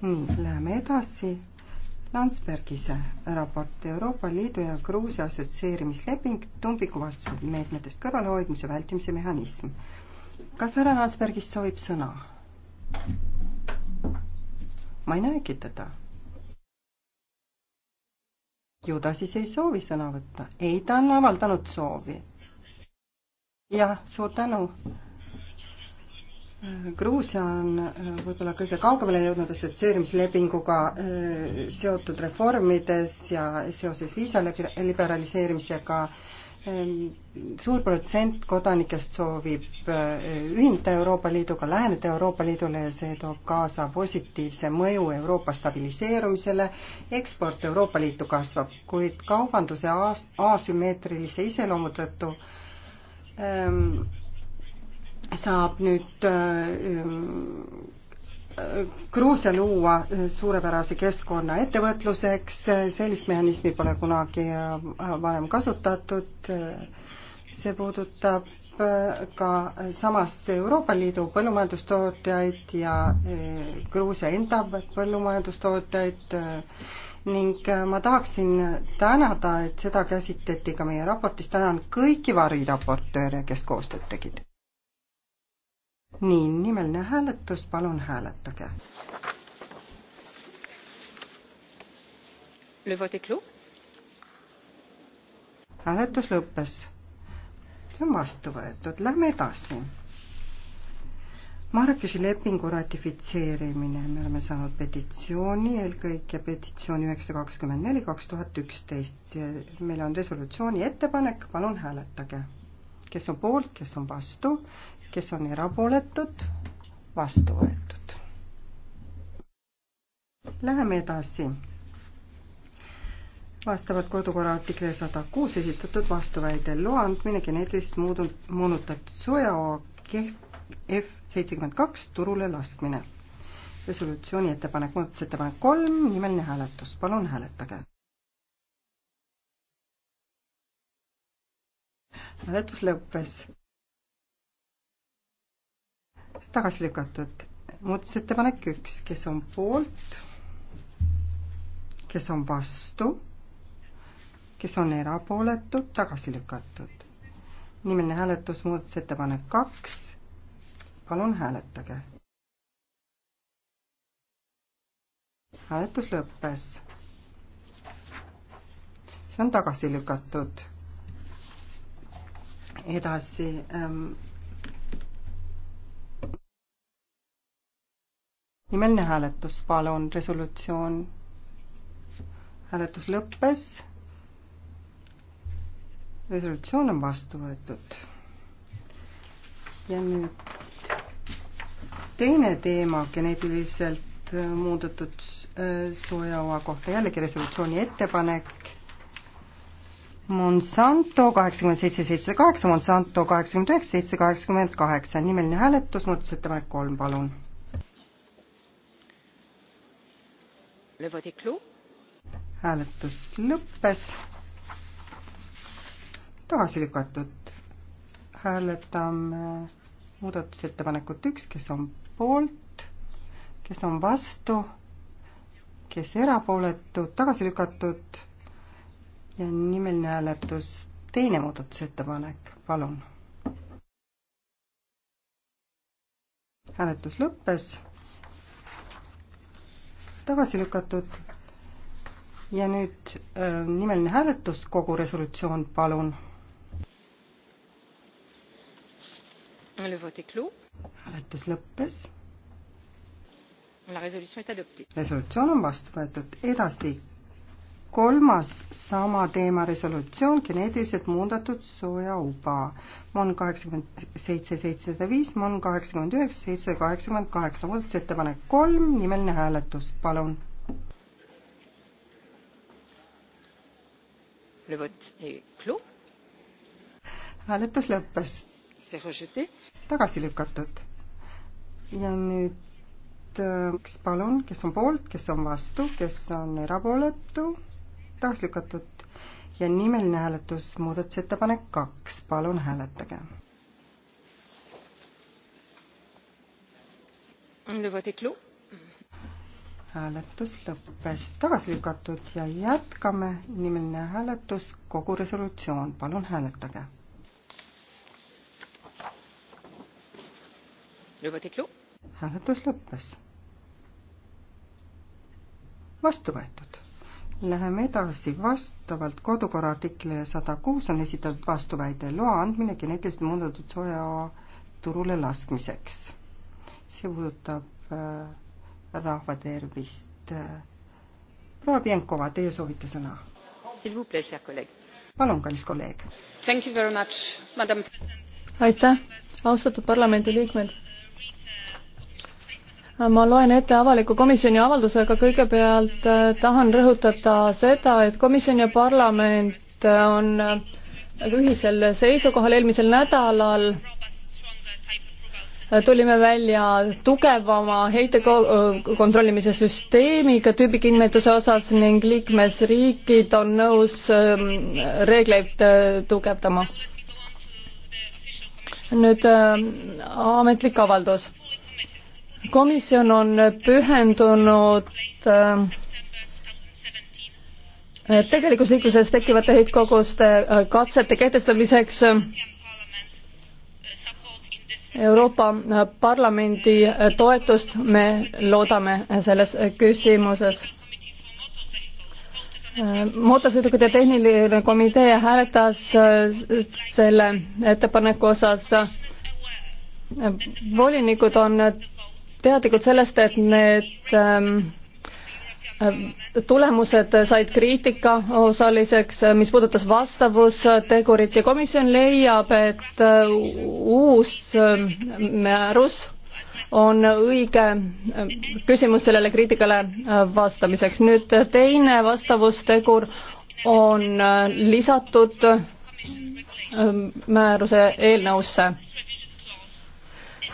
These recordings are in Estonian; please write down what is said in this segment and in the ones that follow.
nii, läheme edasi. Landsbergise raport Euroopa Liidu ja Gruusia assotsieerimisleping tumbikuvastased meetmetest kõrvalehoidmise vältimise mehhanism. kas härra Landsbergist soovib sõna? ma ei näegi teda. ju ta siis ei soovi sõna võtta. ei, ta on avaldanud soovi. jah, suur tänu Gruusia on äh, võib-olla kõige kaugemale jõudnud assotsieerimislepinguga äh, seotud reformides ja seoses viisa liberaliseerimisega ähm, suur protsent kodanikest soovib äh, ühineda Euroopa Liiduga, läheneda Euroopa Liidule ja see toob kaasa positiivse mõju Euroopa stabiliseerumisele. eksport Euroopa Liitu kasvab, kuid kaubanduse asümmeetrilise iseloomu tõttu ähm, saab nüüd Gruusia äh, luua äh, suurepärase keskkonna ettevõtluseks, sellist mehhanismi pole kunagi äh, varem kasutatud, see puudutab ka samas Euroopa Liidu põllumajandustootjaid ja Gruusia enda põllumajandustootjaid ning ma tahaksin tänada, et seda käsitleti ka meie raportis, tänan kõiki variraportööre, kes koostööd tegid nii, nimeline hääletus, palun hääletage. hääletus lõppes. see on vastu võetud, lähme edasi. Marrakechi lepingu ratifitseerimine, me oleme saanud petitsiooni, eelkõige petitsiooni üheksasada kakskümmend neli, kaks tuhat üksteist. meil on resolutsiooni ettepanek, palun hääletage. kes on poolt, kes on vastu, kes on erapooletud, vastu võetud. Läheme edasi. vastavalt kodukorra artikli sada kuus esitatud vastuväide loa andmine geneetiliselt muudunud, moonutatud sojaoo F seitsekümmend kaks turule laskmine. resolutsiooni ettepanek, muudatusettepanek kolm, nimeline hääletus, palun hääletage. hääletus lõppes tagasi lükatud. muudatusettepanek üks, kes on poolt, kes on vastu, kes on erapooletud, tagasi lükatud. nimeline hääletus, muudatusettepanek kaks. palun hääletage. hääletus lõppes. see on tagasi lükatud. edasi ähm, nimeline hääletus, palun, resolutsioon. hääletus lõppes. resolutsioon on vastu võetud. ja nüüd teine teema geneetiliselt muudetud äh, sojaoa kohta, jällegi resolutsiooni ettepanek. Monsanto kaheksakümmend seitse, seitse kaheksa, Monsanto kaheksakümmend üheksa, seitse kaheksakümmend kaheksa, nimeline hääletus, muudatusettepanek kolm, palun hääletus lõppes. tagasi lükatud. hääletame muudatusettepanekut üks, kes on poolt, kes on vastu, kes erapooletud, tagasi lükatud ja nimeline hääletus, teine muudatusettepanek, palun. hääletus lõppes tagasi lükatud. ja nüüd äh, nimeline hääletus, kogu resolutsioon, palun. hääletus lõppes. resolutsioon on vastu võetud, edasi kolmas sama teema resolutsioon, geneetiliselt muundatud sojauba. MON kaheksakümmend seitse, seitsesada viis, MON kaheksakümmend üheksa, seitsesada kaheksakümmend kaheksa, muudatusettepanek kolm, nimeline hääletus, palun. hääletus lõppes. tagasi lükatud. ja nüüd, äh, kes palun, kes on poolt, kes on vastu, kes on erapooletu? tagasi lükatud ja nimeline hääletus, muudatusettepanek kaks, palun hääletage. hääletus lõppes, tagasi lükatud ja jätkame, nimeline hääletus, kogu resolutsioon, palun hääletage. hääletus lõppes. vastu võetud Läheme edasi, vastavalt kodukorra artiklile sada kuus on esitatud vastuväide loa andmine geneetiliselt muundatud soja turule laskmiseks. see puudutab äh, rahvatervist äh,. proua Pienkova, teie soovite sõna? palun, kallis kolleeg. aitäh, austatud parlamendiliikmed ma loen ette avaliku komisjoni avalduse, aga kõigepealt äh, tahan rõhutada seda, et komisjon ja parlament äh, on äh, ühisel seisukohal eelmisel nädalal tulime välja tugevama heite kontrollimise süsteemiga tüübikinnituse osas ning liikmesriigid on nõus ähm, reegleid tugevdama. nüüd ähm, ametlik avaldus komisjon on pühendunud äh, tegelikus liikluses tekkivate heitkoguste äh, katsete kehtestamiseks äh, Euroopa Parlamendi toetust me loodame selles küsimuses. mootorsõidukite tehniline komitee hääletas selle ettepaneku osas. volinikud on teadlikud sellest, et need ähm, äh, tulemused said kriitika osaliseks, äh, mis puudutas vastavustegurit ja komisjon leiab, et äh, uus määrus on õige küsimus sellele kriitikale vastamiseks. nüüd teine vastavustegur on lisatud määruse eelnõusse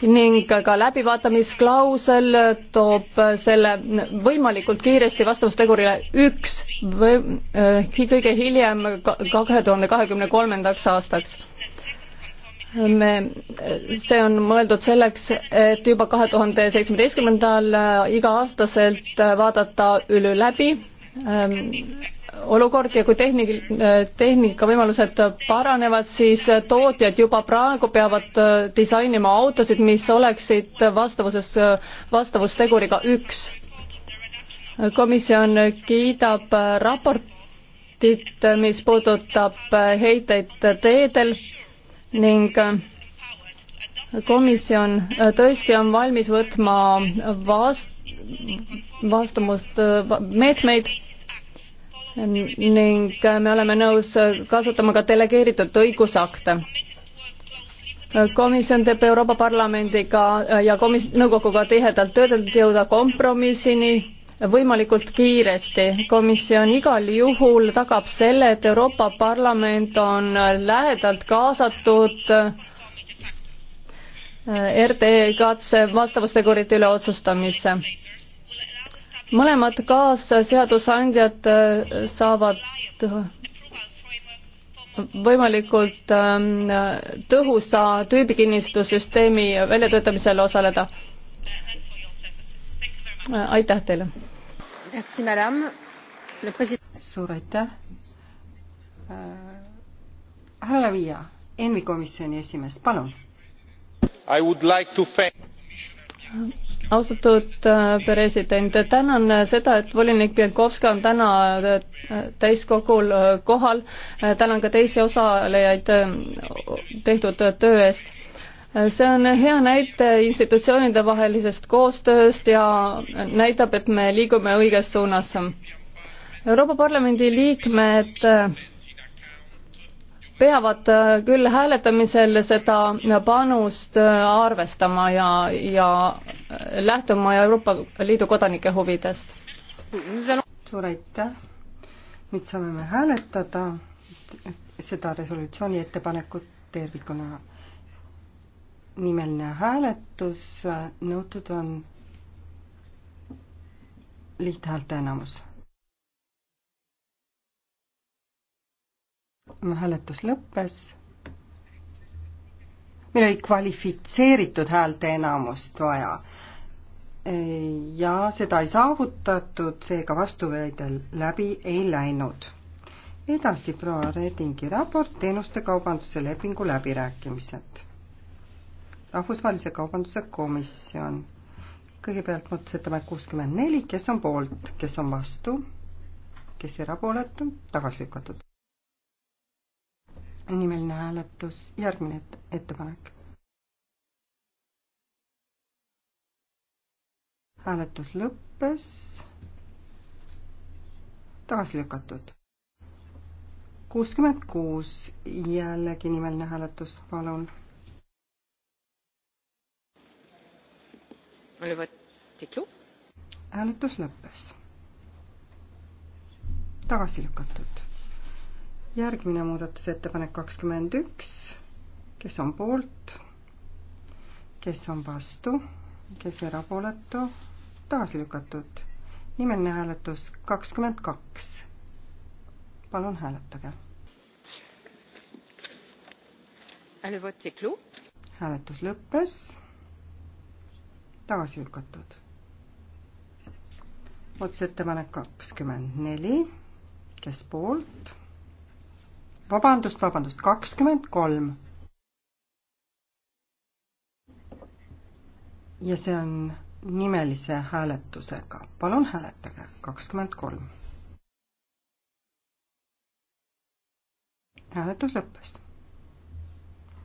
ning ka läbivaatamisklausel toob selle võimalikult kiiresti vastavustegurile üks või äh, kõige hiljem kahe tuhande kahekümne kolmandaks aastaks me, see on mõeldud selleks, et juba kahe tuhande seitsmeteistkümnendal iga-aastaselt vaadata üle läbi ähm, olukord ja kui tehnik-, tehnika võimalused paranevad, siis tootjad juba praegu peavad äh, disainima autosid, mis oleksid vastavuses, vastavusteguriga üks. komisjon kiidab äh, raportit, mis puudutab äh, heiteid teedel ning komisjon tõesti on valmis võtma vast-, vastamust meetmeid meet ning me oleme nõus kasutama ka delegeeritud õigusakte. komisjon teeb Euroopa Parlamendiga ja komis-, nõukoguga tihedalt tööd, et jõuda kompromissini võimalikult kiiresti. komisjon igal juhul tagab selle, et Euroopa Parlament on lähedalt kaasatud RTE katse vastavustegurite üle otsustamisse mõlemad kaasseadusandjad äh, saavad äh, võimalikult ähm, tõhusa tüübikinnistussüsteemi väljatöötamisel osaleda. Äh, aitäh teile! suur aitäh! härra Lavia, ENMi komisjoni esimees, palun! austatud äh, president, tänan seda, et volinik Pienkovski on täna äh, täiskogul äh, kohal, tänan ka teisi osalejaid tehtud töö eest. see on hea näite institutsioonide vahelisest koostööst ja näitab, et me liigume õiges suunas. Euroopa Parlamendi liikmed peavad äh, küll hääletamisel seda panust äh, arvestama ja, ja äh, lähtuma Euroopa Liidu kodanike huvidest. suur aitäh. nüüd saame me hääletada seda resolutsiooni ettepanekut tervikuna. nimeline hääletus, nõutud on lihthäälte enamus hääletus lõppes. meil oli kvalifitseeritud häälteenamust vaja. E, ja seda ei saavutatud, seega vastuväidel läbi ei läinud. edasi proua Redingi raport teenuste kaubanduse lepingu läbirääkimised. rahvusvahelise kaubanduse komisjon. kõigepealt muudatusettepanek kuuskümmend neli, kes on poolt, kes on vastu, kes erapooletu, tagasi lükatud nimeline hääletus, järgmine et, ettepanek. hääletus lõppes, tagasi lükatud. kuuskümmend kuus, jällegi nimeline hääletus, palun. hääletus lõppes, tagasi lükatud järgmine muudatusettepanek kakskümmend üks, kes on poolt, kes on vastu, kes erapooletu, tagasi lükatud. nimeline hääletus kakskümmend kaks. palun hääletage. hääletus lõppes, tagasi lükatud. otsusettepanek kakskümmend neli, kes poolt vabandust, vabandust, kakskümmend kolm. ja see on nimelise hääletusega. palun hääletage, kakskümmend kolm. hääletus lõppes.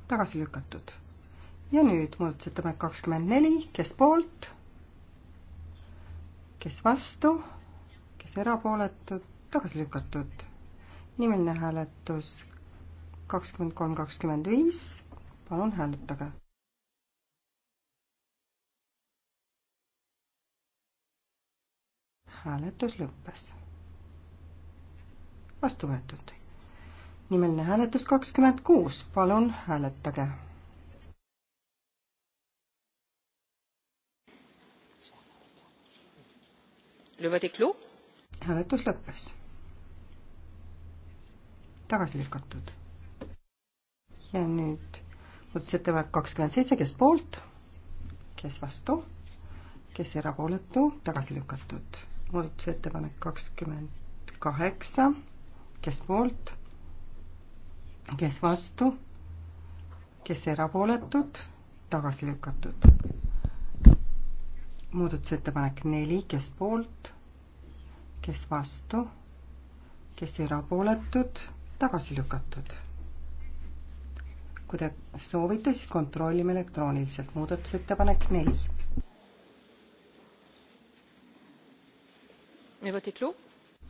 tagasi lükatud. ja nüüd muudatusettepanek kakskümmend neli, kes poolt, kes vastu, kes erapooletud, tagasi lükatud nimeline hääletus kakskümmend kolm, kakskümmend viis, palun hääletage. hääletus lõppes. vastu võetud. nimeline hääletus kakskümmend kuus, palun hääletage hääletus lõppes tagasi lükatud. ja nüüd muudatusettepanek kakskümmend seitse, kes poolt, kes vastu, kes erapooletu, tagasi lükatud. muudatusettepanek kakskümmend kaheksa, kes poolt, kes vastu, kes erapooletud, tagasi lükatud. muudatusettepanek neli, kes poolt, kes vastu, kes erapooletud tagasi lükatud. kui te soovite, siis kontrollime elektrooniliselt muudatusettepanek neli.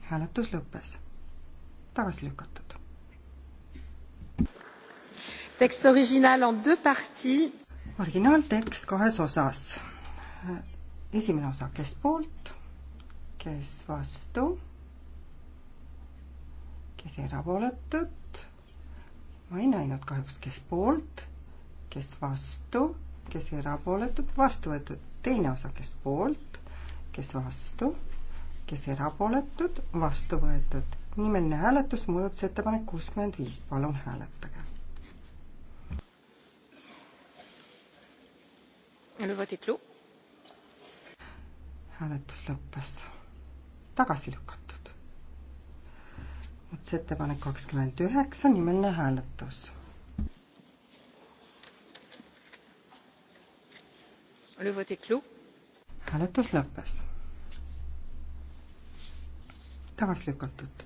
hääletus lõppes, tagasi lükatud. tekst originaal on deux parties. originaaltekst kahes osas. esimene osa, kes poolt, kes vastu kes erapooletud. ma ei näinud kahjuks, kes poolt, kes vastu, kes erapooletud, vastu võetud. teine osa, kes poolt, kes vastu, kes erapooletud, vastu võetud. nimeline hääletus, muudatusettepanek kuuskümmend viis, palun hääletage. hääletus lõppes. tagasi lükatud muudatusettepanek kakskümmend üheksa, nimeline hääletus. hääletus lõppes. tagasi lükatud.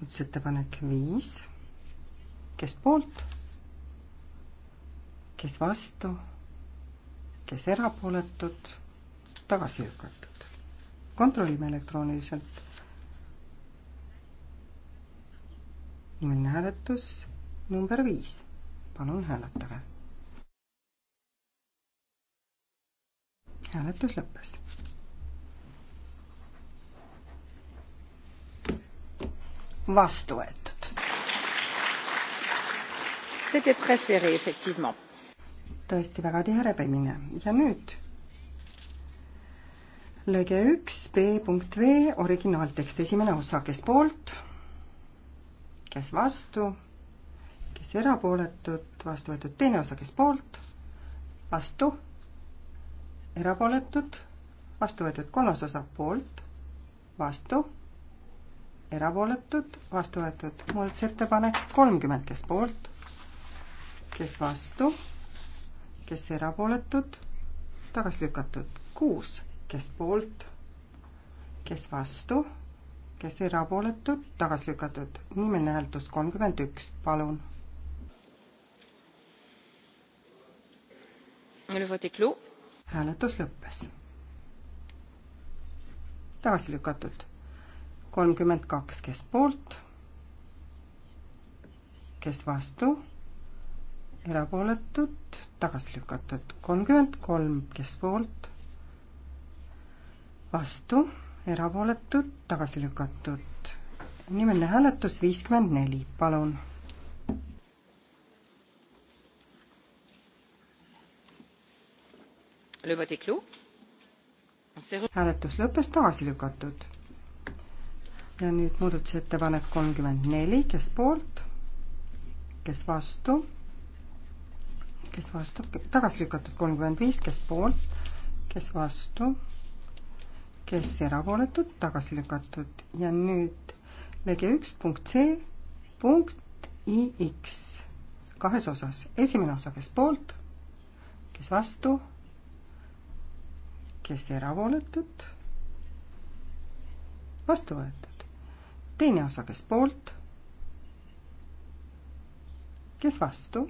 muudatusettepanek viis. kes poolt? kes vastu? kes erapooletud? tagasi lükatud. kontrollime elektrooniliselt nullne hääletus number viis. palun hääletage. hääletus lõppes. vastu võetud. tõesti väga tihe rebimine ja nüüd lõige üks B punkt V originaaltekst, esimene osa, kes poolt kes vastu, kes erapooletud, vastu võetud teine osa, kes poolt, vastu, erapooletud, vastu võetud kolmas osa poolt, vastu, erapooletud, vastu võetud muudatusettepanek kolmkümmend, kes poolt, kes vastu, kes erapooletud, tagasi lükatud kuus, kes poolt, kes vastu kes erapooletud, tagasi lükatud. nimeline hääletus kolmkümmend üks, palun. hääletus lõppes. tagasi lükatud. kolmkümmend kaks, kes poolt, kes vastu, erapooletud, tagasi lükatud. kolmkümmend kolm, kes poolt, vastu erapooletud, tagasi lükatud. nimeline hääletus viiskümmend neli, palun. hääletus lõppes, tagasi lükatud. ja nüüd muudatusettepanek kolmkümmend neli, kes poolt, kes vastu, kes vastu, tagasi lükatud kolmkümmend viis, kes poolt, kes vastu kes erapooletud, tagasi lükatud ja nüüd lõige üks punkt C punkt IX kahes osas, esimene osa, kes poolt, kes vastu, kes erapooletud, vastu võetud, teine osa, kes poolt, kes vastu,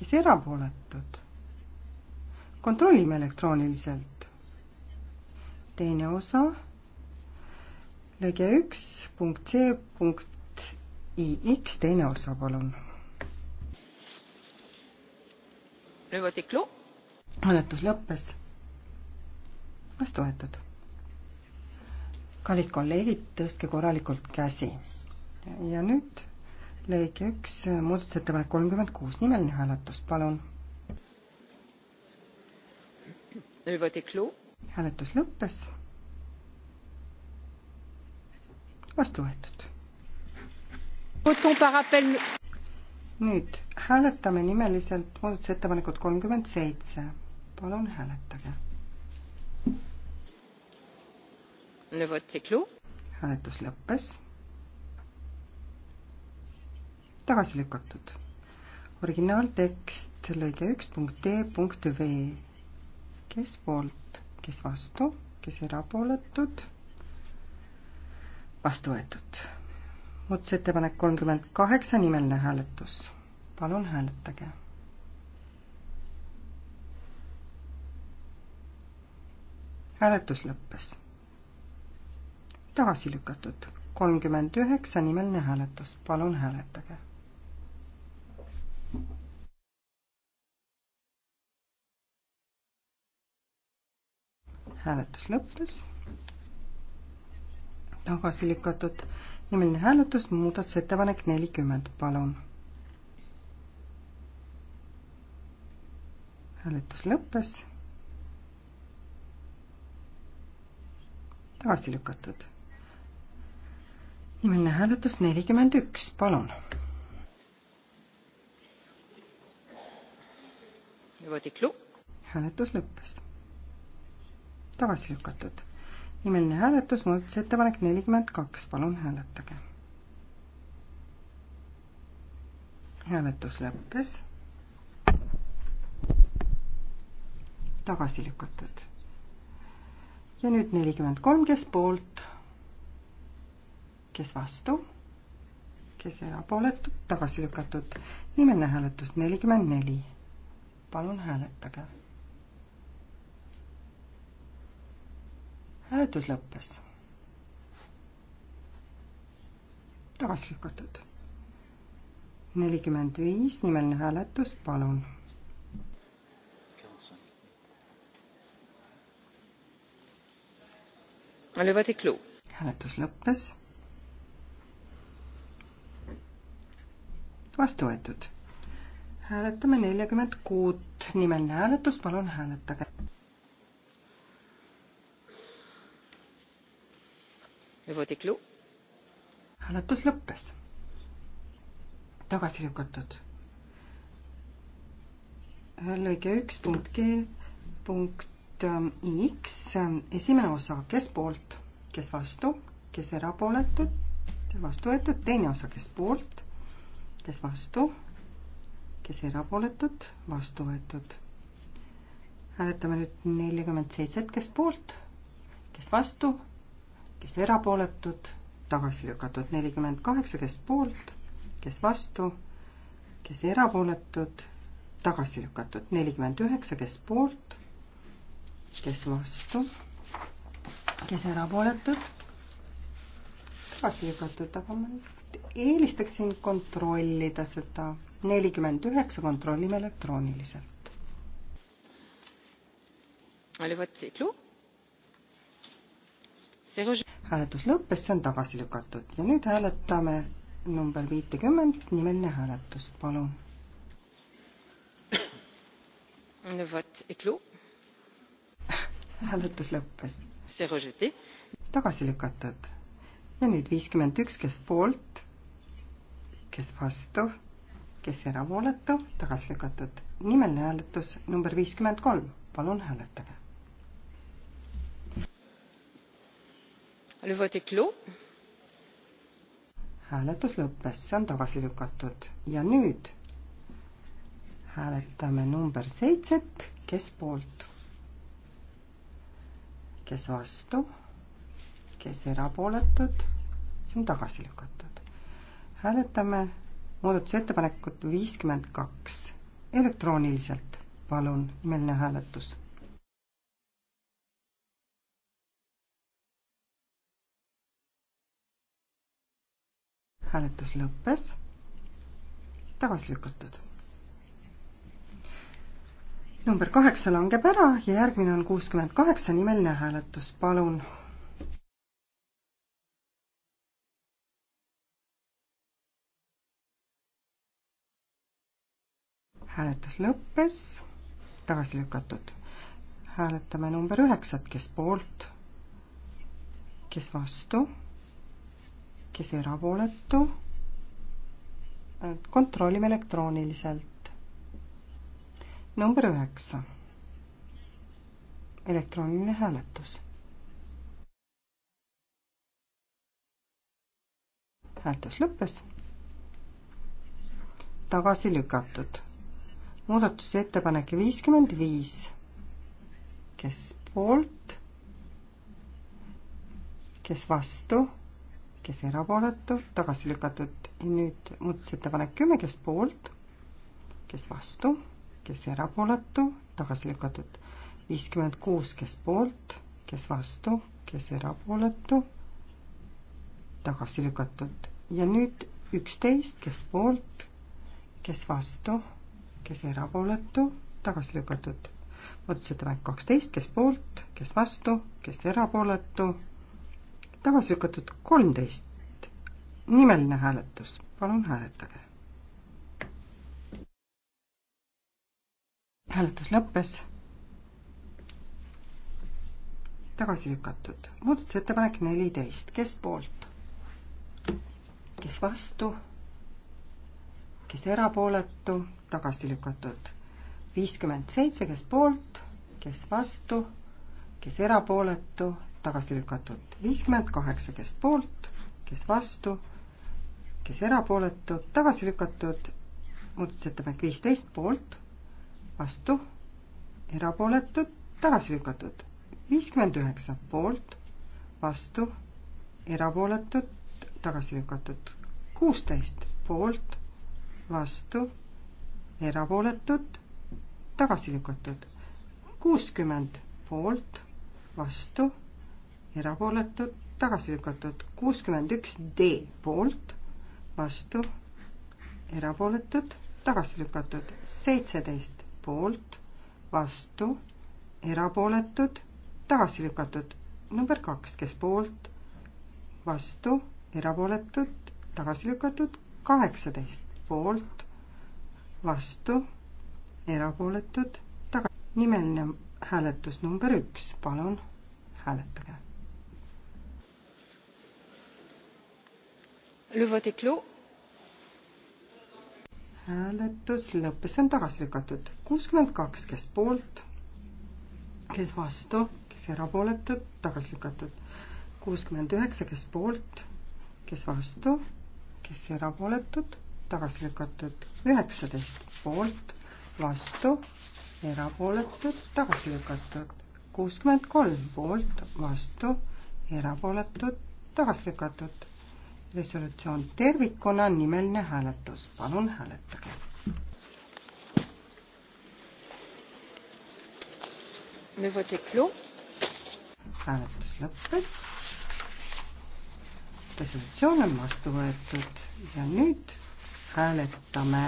kes erapooletud. kontrollime elektrooniliselt teine osa, lõige üks punkt C punkt IX, teine osa, palun. hääletus lõppes. vastu võetud. kallid kolleegid, tõstke korralikult käsi. ja nüüd lõige üks, muudatusettepanek kolmkümmend kuus, nimeline hääletus, palun. Le vote est clos hääletus lõppes. vastu võetud. nüüd hääletame nimeliselt muudatusettepanekut kolmkümmend seitse. palun hääletage. hääletus lõppes. tagasi lükatud. originaaltekst lõige üks punkt D punkt V. kes poolt? kes vastu, kes erapooletud, vastu võetud. muudatusettepanek kolmkümmend kaheksa, nimeline hääletus. palun hääletage hääletus lõppes. tagasi lükatud kolmkümmend üheksa nimeline hääletus, palun hääletage hääletus lõppes. tagasi lükatud nimeline hääletus, muudatusettepanek nelikümmend, palun. hääletus lõppes. tagasi lükatud. nimeline hääletus nelikümmend üks, palun hääletus lõppes tagasi lükatud. imeline hääletus, muudatusettepanek nelikümmend kaks, palun hääletage. hääletus lõppes. tagasi lükatud. ja nüüd nelikümmend kolm, kes poolt, kes vastu, kes erapooletud, tagasi lükatud. nimeline hääletus nelikümmend neli. palun hääletage hääletus lõppes. tagasi lükatud. nelikümmend viis, nimeline hääletus, palun. hääletus lõppes. vastu võetud. hääletame neljakümmend kuut, nimeline hääletus, palun hääletage hääletus lõppes. tagasi lükatud. lõige üks punkt G punkt ähm, X, esimene osa, kes poolt, kes vastu, kes erapooletud, vastu võetud, teine osa, kes poolt, kes vastu, kes erapooletud, vastu võetud. hääletame nüüd nelikümmend seitset, kes poolt, kes vastu kes erapooletud, tagasi lükatud nelikümmend kaheksa, kes poolt, kes vastu, kes erapooletud, tagasi lükatud nelikümmend üheksa, kes poolt, kes vastu, kes erapooletud, tagasi lükatud, aga ma eelistaksin kontrollida seda nelikümmend üheksa, kontrollime elektrooniliselt. oli võtsiklu hääletus lõppes, see on tagasi lükatud ja nüüd hääletame number viitekümmend, nimeline hääletus, palun. hääletus lõppes. tagasi lükatud. ja nüüd viiskümmend üks, kes poolt, kes vastu, kes erapooletu, tagasi lükatud. nimeline hääletus number viiskümmend kolm, palun hääletage hääletus lõppes, see on tagasi lükatud ja nüüd hääletame number seitset, kes poolt, kes vastu, kes erapooletud, see on tagasi lükatud. hääletame muudatusettepanekut viiskümmend kaks elektrooniliselt, palun, nimeline hääletus hääletus lõppes, tagasi lükatud. number kaheksa langeb ära ja järgmine on kuuskümmend kaheksa nimeline hääletus, palun. hääletus lõppes, tagasi lükatud. hääletame number üheksat, kes poolt, kes vastu kes erapooletu. kontrollime elektrooniliselt. number üheksa. elektrooniline hääletus. hääletus lõppes. tagasi lükatud. muudatusettepanek viiskümmend viis. kes poolt? kes vastu? kes erapooletu, tagasi lükatud. nüüd muudatusettepanek kümme, kes poolt, kes vastu, kes erapooletu, tagasi lükatud. viiskümmend kuus, kes poolt, kes vastu, kes erapooletu, tagasi lükatud. ja nüüd üksteist, kes poolt, kes vastu, kes erapooletu, tagasi lükatud. muudatusettepanek kaksteist, kes poolt, kes vastu, kes erapooletu tagasi lükatud kolmteist. nimeline hääletus, palun hääletage. hääletus lõppes. tagasi lükatud muudatusettepanek neliteist, kes poolt? kes vastu? kes erapooletu, tagasi lükatud. viiskümmend seitse, kes poolt, kes vastu, kes erapooletu, tagasi lükatud. viiskümmend kaheksa, kes poolt, kes vastu, kes erapooletud, tagasi lükatud. muudatusettepanek viisteist poolt, vastu, erapooletud, tagasi lükatud. viiskümmend üheksa poolt, vastu, erapooletud, tagasi lükatud. kuusteist poolt, vastu, erapooletud, tagasi lükatud. kuuskümmend poolt, vastu erapooletud, tagasi lükatud. kuuskümmend üks D poolt, vastu, erapooletud, tagasi lükatud. seitseteist poolt, vastu, erapooletud, tagasi lükatud. number kaks, kes poolt, vastu, erapooletud, tagasi lükatud, kaheksateist poolt, vastu, erapooletud, taga-, nimeline hääletus number üks, palun hääletage Le vote est clos. hääletus lõppes, see on tagasi lükatud. kuuskümmend kaks, kes poolt, kes vastu, kes erapooletud, tagasi lükatud. kuuskümmend üheksa, kes poolt, kes vastu, kes erapooletud, tagasi lükatud. üheksateist poolt, vastu, erapooletud, tagasi lükatud. kuuskümmend kolm poolt, vastu, erapooletud, tagasi lükatud resolutsioon tervikuna, nimeline hääletus, palun hääletage. hääletus lõppes. resolutsioon on vastu võetud ja nüüd hääletame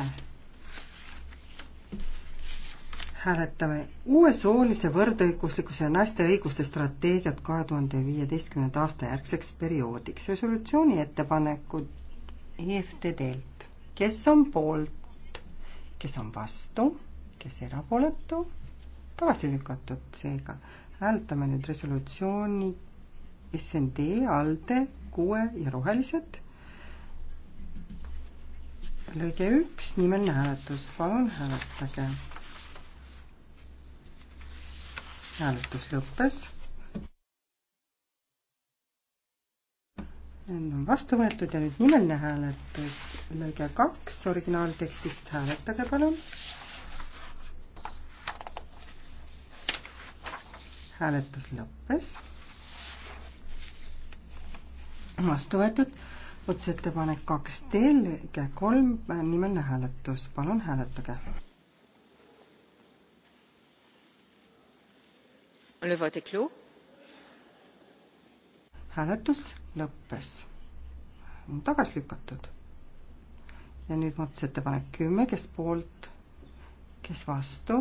hääletame uue soolise võrdõiguslikkuse ja naiste õiguste strateegiat kahe tuhande viieteistkümnenda aasta järgseks perioodiks. resolutsiooni ettepanekud EFTD-lt. kes on poolt, kes on vastu, kes erapooletu, tagasi lükatud, seega hääletame nüüd resolutsiooni SND, ALDE, kuue ja rohelised lõige üks, nimeline hääletus, palun hääletage hääletus lõppes. Need on vastu võetud ja nüüd nimeline hääletus, lõige kaks originaaltekstist, hääletage palun. hääletus lõppes. vastu võetud otsusettepanek kaks D, lõige kolm, nimeline hääletus, palun hääletage Le vote est clos. hääletus lõppes. tagasi lükatud. ja nüüd muudatusettepanek kümme, kes poolt, kes vastu,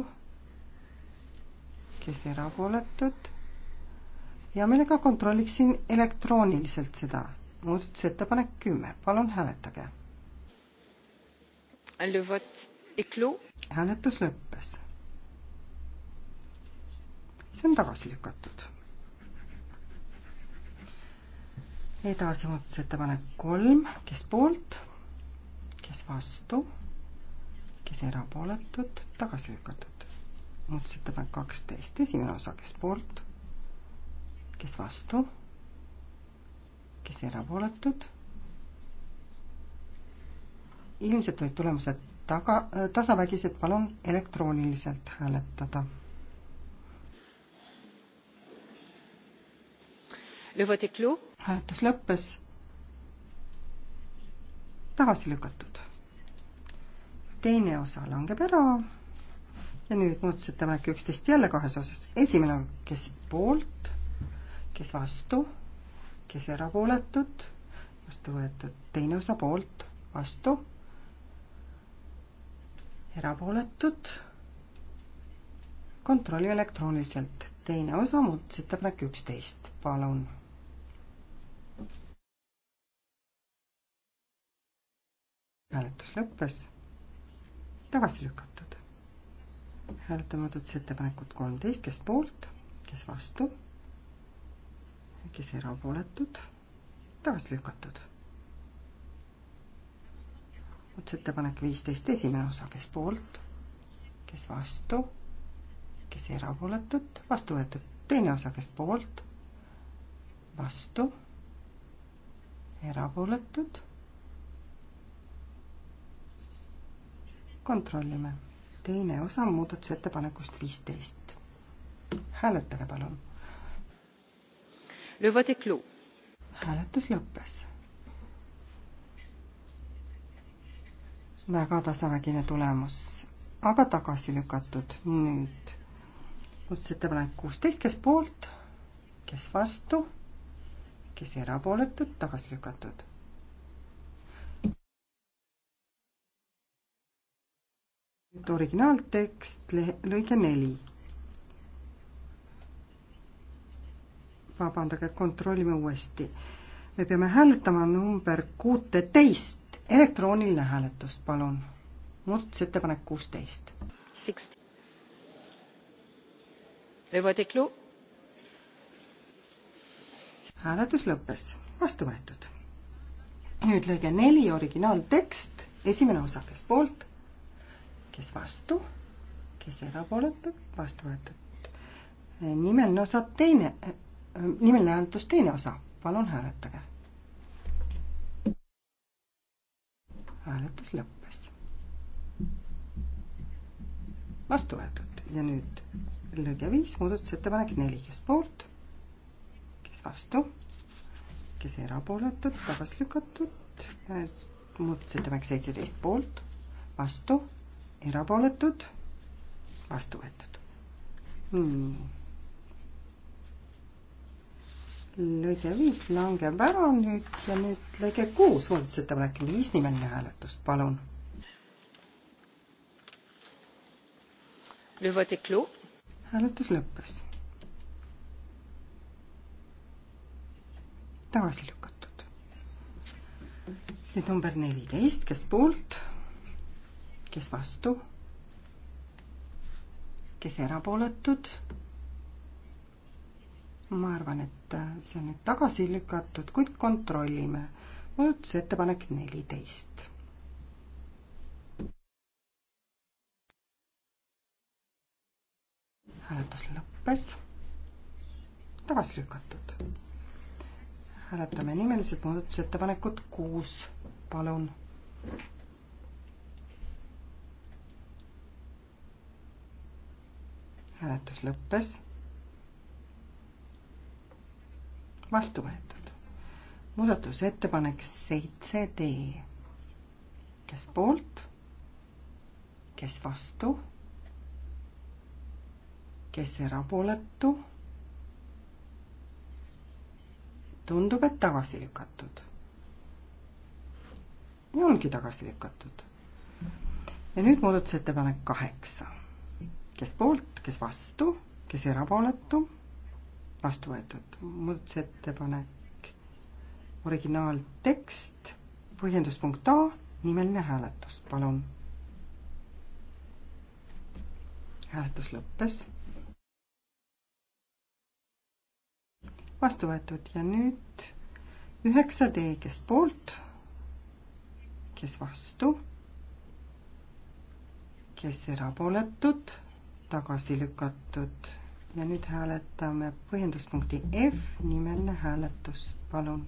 kes erapooletud. ja millega kontrolliksin elektrooniliselt seda muudatusettepanek kümme, palun hääletage. hääletus lõppes see on tagasi lükatud. edasi muudatusettepanek kolm, kes poolt, kes vastu, kes erapooletud, tagasi lükatud. muudatusettepanek kaksteist, esimene osa, kes poolt, kes vastu, kes erapooletud. ilmselt olid tulemused taga, tasavägised, palun elektrooniliselt hääletada hääletus lõppes. tagasi lükatud. teine osa langeb ära. ja nüüd muudatusettepanek üksteist jälle kahes osas. esimene on, kes poolt, kes vastu, kes erapooletud, vastu võetud. teine osa poolt, vastu, erapooletud kontrolli elektrooniliselt. teine osa muudatusettepanek üksteist, palun hääletus lõppes. tagasi lükatud. hääletame muudatusettepanekut kolmteist, kes poolt, kes vastu, kes erapooletud, tagasi lükatud. muudatusettepanek viisteist, esimene osa, kes poolt, kes vastu, kes erapooletud, vastu võetud, teine osa, kes poolt, vastu, erapooletud kontrollime. teine osa muudatusettepanekust viisteist. hääletage palun. hääletus lõppes. väga tasavägine tulemus, aga tagasi lükatud. nüüd muudatusettepanek kuusteist, kes poolt, kes vastu, kes erapooletud, tagasi lükatud nüüd originaaltekst, lõige neli. vabandage, kontrollime uuesti. me peame hääletama number kuuteteist, elektrooniline hääletus, palun. muudatusettepanek kuusteist. hääletus lõppes, vastu võetud. nüüd lõige neli, originaaltekst, esimene osa, kes poolt kes vastu, kes erapooletud, vastu võetud. nimeline osa teine, nimeline hääletus teine osa, palun hääletage. hääletus lõppes. vastu võetud ja nüüd lõige viis, muudatusettepanek neli, kes poolt, kes vastu, kes erapooletud, tagasi lükatud, muudatusettepanek seitseteist poolt, vastu erapooletud, vastu võetud. nii. lõige viis langeb ära nüüd ja nüüd lõige kuus, muudatusettepanek viis, nimeline hääletus, palun. hääletus lõppes. tagasi lükatud. nüüd number neliteist, kes poolt kes vastu, kes erapooletud. ma arvan, et see on nüüd tagasi lükatud, kuid kontrollime. muudatusettepanek neliteist. hääletus lõppes, tagasi lükatud. hääletame nimeliselt muudatusettepanekut kuus, palun hääletus lõppes. vastu võetud. muudatusettepanek seitse D. kes poolt? kes vastu? kes erapooletu? tundub, et tagasi lükatud. ja ongi tagasi lükatud. ja nüüd muudatusettepanek kaheksa kes poolt, kes vastu, kes erapooletu, vastu võetud muudatusettepanek, originaaltekst, põhjenduspunkt A, nimeline hääletus, palun. hääletus lõppes. vastu võetud ja nüüd üheksa D, kes poolt, kes vastu, kes erapooletud tagasi lükatud. ja nüüd hääletame põhjenduspunkti F nimeline hääletus, palun.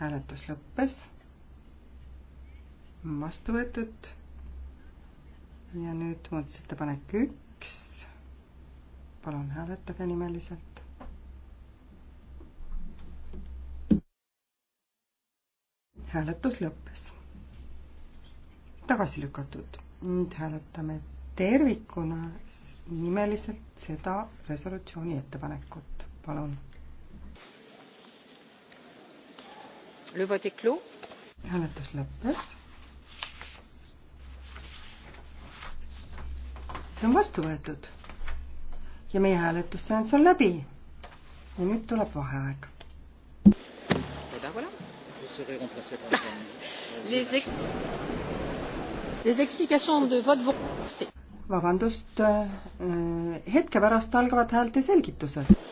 hääletus lõppes. vastu võetud. ja nüüd muudatusettepanek üks. palun hääletage nimeliselt. hääletus lõppes tagasi lükatud. nüüd hääletame tervikuna nimeliselt seda resolutsiooni ettepanekut, palun. hääletus lõppes. see on vastu võetud ja meie hääletusseanss on läbi. ja nüüd tuleb vaheaeg. Les ex- vabandust, äh, hetke pärast algavad häälte selgitused.